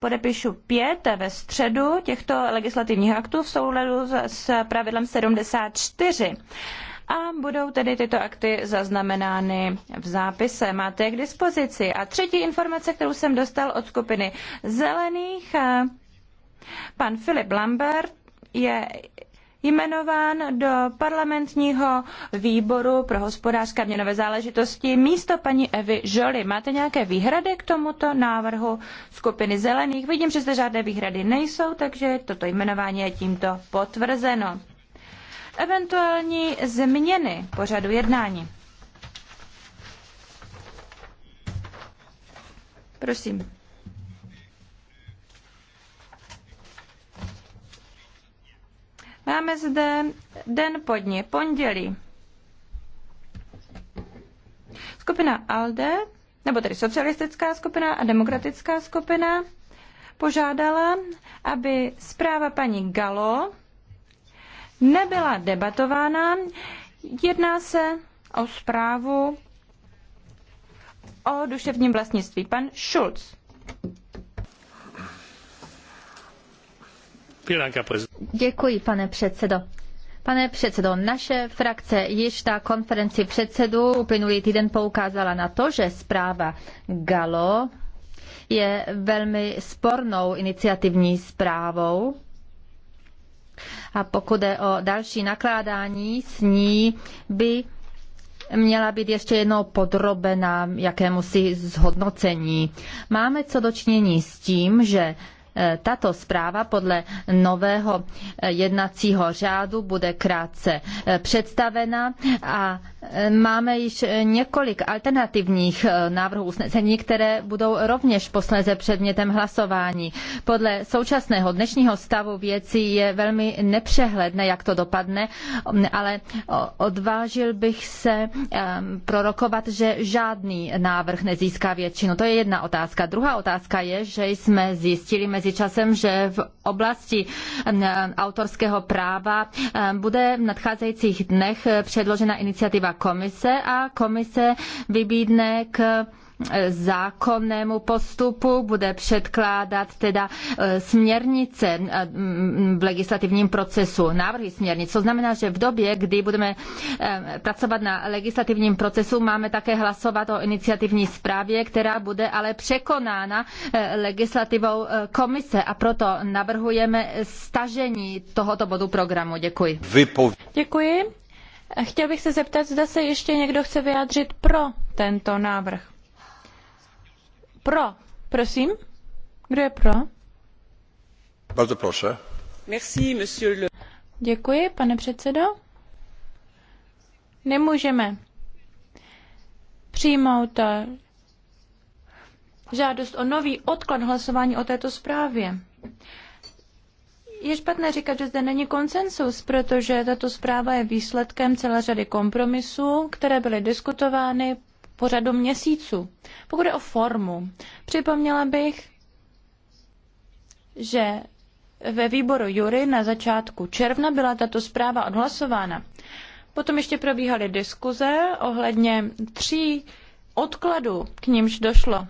podepíšu pět ve středu těchto legislativních aktů v souladu s pravidlem 74 a budou tedy tyto akty zaznamenány v zápise. Máte je k dispozici. A třetí informace, kterou jsem dostal od skupiny zelených, eh, pan Filip Lambert je jmenován do parlamentního výboru pro hospodářské a měnové záležitosti místo paní Evy Žoli. Máte nějaké výhrady k tomuto návrhu skupiny zelených? Vidím, že zde žádné výhrady nejsou, takže toto jmenování je tímto potvrzeno. Eventuální změny pořadu jednání. Prosím. Máme zde den po dní, pondělí. Skupina ALDE, nebo tedy socialistická skupina a demokratická skupina, požádala, aby zpráva paní Galo nebyla debatována. Jedná se o zprávu o duševním vlastnictví. Pan Schulz. Děkuji, pane předsedo. Pane předsedo, naše frakce již na konferenci předsedů uplynulý týden poukázala na to, že zpráva Galo je velmi spornou iniciativní zprávou. A pokud je o další nakládání s ní, by měla být ještě jednou podrobena jakémusi zhodnocení. Máme co dočinění s tím, že tato zpráva podle nového jednacího řádu bude krátce představena a Máme již eh, několik alternativních eh, návrhů usnesení, které budou rovněž posléze předmětem hlasování. Podle současného dnešního stavu věcí je velmi nepřehledné, jak to dopadne, ale odvážil bych se ehm, prorokovat, že žádný návrh nezíská většinu. To je jedna otázka. Druhá otázka je, že jsme zjistili mezi časem, že v oblasti ehm, autorského práva ehm, bude v nadcházejících dnech eh, předložena iniciativa komise a komise vybídne k eh, zákonnému postupu, bude předkládat teda eh, směrnice eh, mm, v legislativním procesu, návrhy směrnic. To znamená, že v době, kdy budeme pracovat na legislativním procesu, máme také hlasovat o iniciativní zprávě, která bude ale překonána legislativou komise a proto navrhujeme stažení tohoto bodu programu. Děkuji. Vypov... Děkuji. Chtěl bych se zeptat, zda se ještě někdo chce vyjádřit pro tento návrh. Pro, prosím. Kdo je pro? Bardzo proszę. Merci, monsieur le... Děkuji, pane předsedo. Nemůžeme přijmout eh, žádost o nový odklad hlasování o této zprávě. Je špatné říkat, že zde není konsensus, protože tato zpráva je výsledkem celé řady kompromisů, které byly diskutovány po řadu měsíců. Pokud je o formu, připomněla bych, že ve výboru Jury na začátku června byla tato zpráva odhlasována. Potom ještě probíhaly diskuze ohledně tří odkladů, k nímž došlo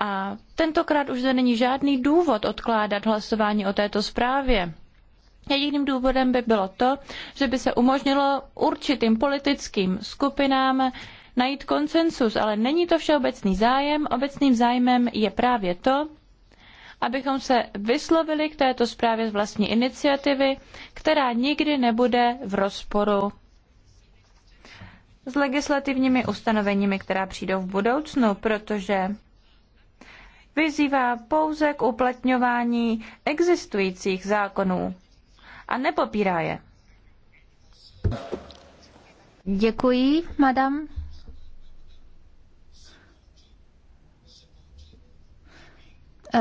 a tentokrát už zde není žádný důvod odkládat hlasování o této zprávě. Jediným důvodem by bylo to, že by se umožnilo určitým politickým skupinám najít konsensus, ale není to všeobecný zájem. Obecným zájmem je právě to, abychom se vyslovili k této zprávě z vlastní iniciativy, která nikdy nebude v rozporu s legislativními ustanoveními, která přijdou v budoucnu, protože vyzývá pouze k uplatňování existujících zákonů a nepopírá je. Děkuji, madam.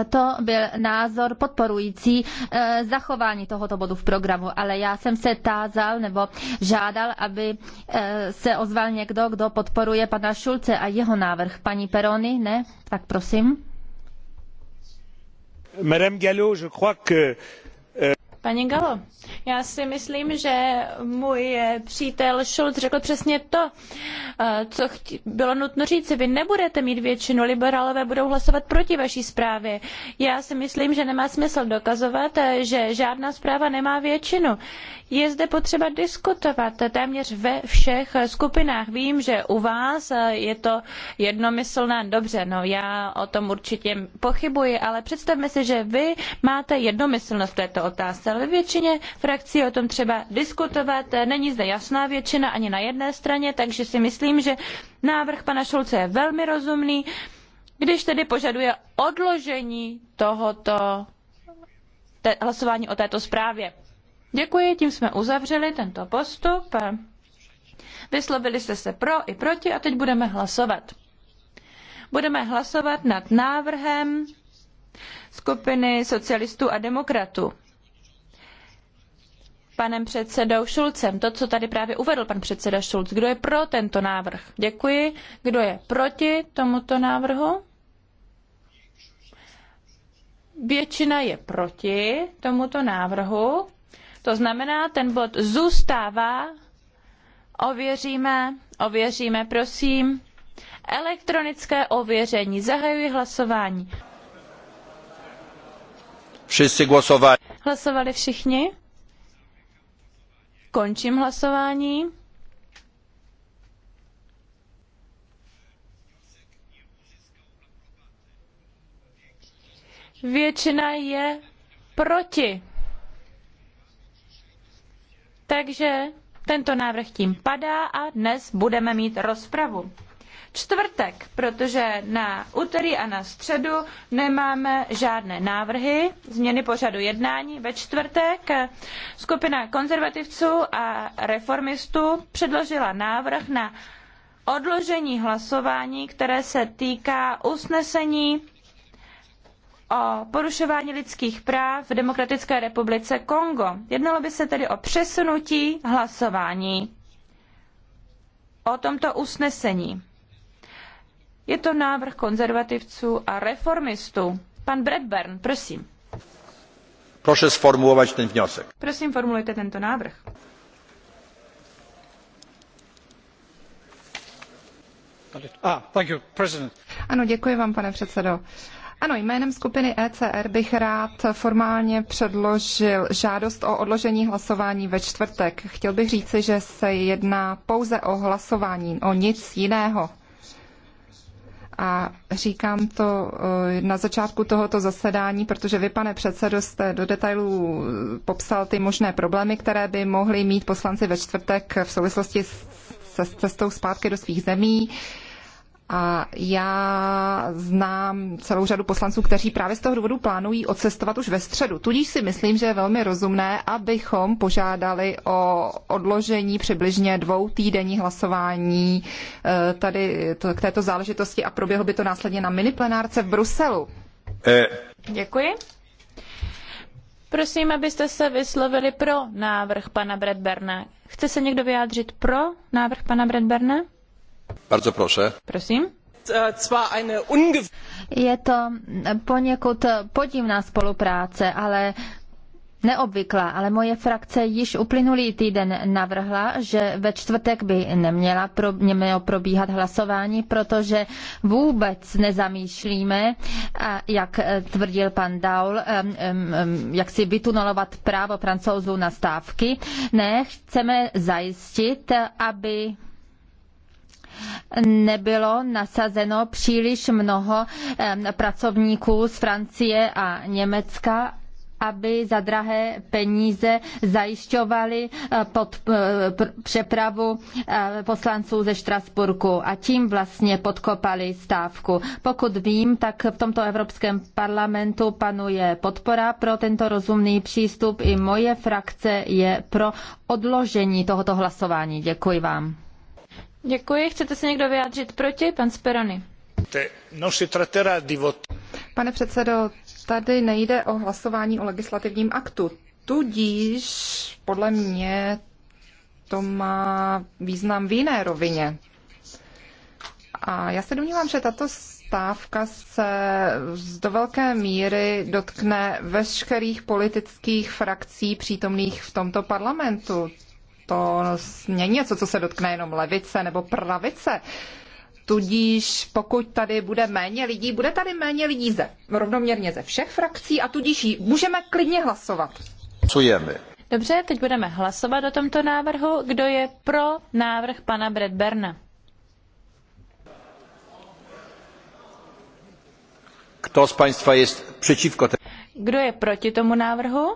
To byl názor podporující eh, zachování tohoto bodu v programu, ale já jsem se tázal nebo žádal, aby eh, se ozval někdo, kdo podporuje pana Šulce a jeho návrh. Paní Perony, ne? Tak prosím. Madame Gallo, je crois que... Euh, Paní Galo, já si myslím, že můj přítel Schulz řekl přesně to, eh, co bylo nutno říct. Vy nebudete mít většinu, liberálové budou hlasovat proti vaší zprávě. Já si myslím, že nemá smysl dokazovat, eh, že žádná zpráva nemá většinu. Je zde potřeba diskutovat téměř ve všech skupinách. Vím, že u vás eh, je to jednomyslné. Dobře, no já o tom určitě pochybuji, ale představme si, že vy máte jednomyslnost v této otázce, ale většině frakcí o tom třeba diskutovat. Není zde jasná většina ani na jedné straně, takže si myslím, že návrh pana Šulce je velmi rozumný, když tedy požaduje odložení tohoto te, hlasování o této zprávě. Děkuji, tím jsme uzavřeli tento postup. Vyslovili jste se pro i proti a teď budeme hlasovat. Budeme hlasovat nad návrhem skupiny socialistů a demokratů panem předsedou Šulcem. To, co tady právě uvedl pan předseda Šulc. Kdo je pro tento návrh? Děkuji. Kdo je proti tomuto návrhu? Většina je proti tomuto návrhu. To znamená, ten bod zůstává. Ověříme, ověříme, prosím. Elektronické ověření. Zahajuji hlasování. Všichni hlasovali. Hlasovali všichni? Končím hlasování. Většina je proti. Takže tento návrh tím padá a dnes budeme mít rozpravu čtvrtek, protože na úterý a na středu nemáme žádné návrhy, změny pořadu jednání. Ve čtvrtek skupina konzervativců a reformistů předložila návrh na odložení hlasování, které se týká usnesení o porušování lidských práv v Demokratické republice Kongo. Jednalo by se tedy o přesunutí hlasování o tomto usnesení. Je to návrh konzervativců a reformistů. Pan Bradburn, prosím. Proszę sformułować ten wniosek. Prosím, formulujte tento návrh. Ah, ano, děkuji vám, pane předsedo. Ano, jménem skupiny ECR bych rád formálně předložil žádost o odložení hlasování ve čtvrtek. Chtěl bych říci, že se jedná pouze o hlasování, o nic jiného a říkám to eh, na začátku tohoto zasedání, protože vy, pane předsedo, jste do detailů popsal ty možné problémy, které by mohli mít poslanci ve čtvrtek v souvislosti s se cestou zpátky do svých zemí. Uh, a já znám celou řadu poslanců, kteří právě z toho důvodu plánují odcestovat už ve středu. Tudíž si myslím, že je velmi rozumné, abychom požádali o odložení přibližně dvou týdenní hlasování eh, tady to, k této záležitosti a proběhlo by to následně na miniplenárce v Bruselu. Eh. Děkuji. Prosím, abyste se vyslovili pro návrh pana Bradberna. Chce se někdo vyjádřit pro návrh pana Bradberna? Prosím. Je to poněkud podivná spolupráce, ale Neobvyklá, ale moje frakce již uplynulý týden navrhla, že ve čtvrtek by neměla pro, nemělo probíhat hlasování, protože vůbec nezamýšlíme, jak tvrdil pan Daul, jak si vytunelovat právo francouzů na stávky. Ne, chceme zajistit, aby nebylo nasazeno příliš mnoho pracovníků z Francie a Německa aby za drahé peníze zajišťovali eh, pod, eh, přepravu eh, poslanců ze Štrasburku a tím vlastně podkopali stávku. Pokud vím, tak v tomto Evropském parlamentu panuje podpora pro tento rozumný přístup. I moje frakce je pro odložení tohoto hlasování. Děkuji vám. Děkuji. Chcete se někdo vyjádřit proti? Pan Sperony. Pane předsedo, tady nejde o hlasování o legislativním aktu. Tudíž podle mě to má význam v jiné rovině. A já se domnívám, že tato stávka se do velké míry dotkne veškerých politických frakcí přítomných v tomto parlamentu to není něco, co se dotkne jenom levice nebo pravice. Tudíž pokud tady bude méně lidí, bude tady méně lidí ze rovnoměrně ze všech frakcí a tudíž můžeme klidně hlasovat. my? Dobře, teď budeme hlasovat o tomto návrhu. Kdo je pro návrh pana Bradberna? Kdo z państwa jest przeciwko? Kdo je proti tomu návrhu?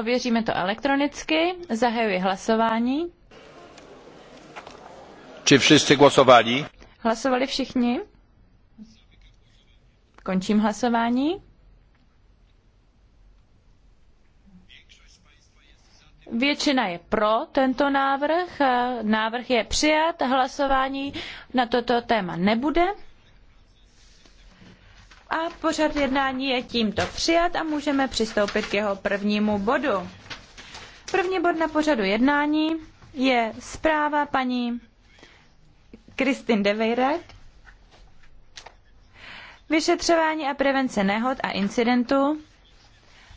Ověříme to elektronicky. Zahajuji hlasování. Či všichni hlasovali? Hlasovali všichni. Končím hlasování. Většina je pro tento návrh. Návrh je přijat. Hlasování na toto téma nebude. A pořad jednání je tímto přijat a můžeme přistoupit k jeho prvnímu bodu. První bod na pořadu jednání je zpráva paní Kristin Deveyrek. Vyšetřování a prevence nehod a incidentů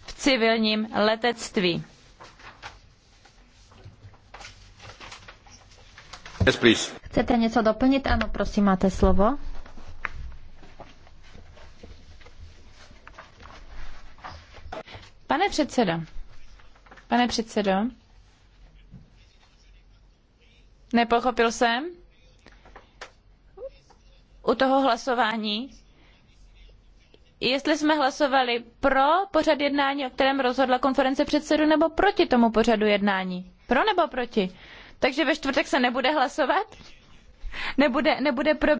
v civilním letectví. Yes, Chcete něco doplnit? Ano, prosím, máte slovo. Pane předsedo, pane předsedo, nepochopil jsem u toho hlasování, jestli jsme hlasovali pro pořad jednání, o kterém rozhodla konference předsedu, nebo proti tomu pořadu jednání. Pro nebo proti? Takže ve čtvrtek se nebude hlasovat? Nebude, nebude pro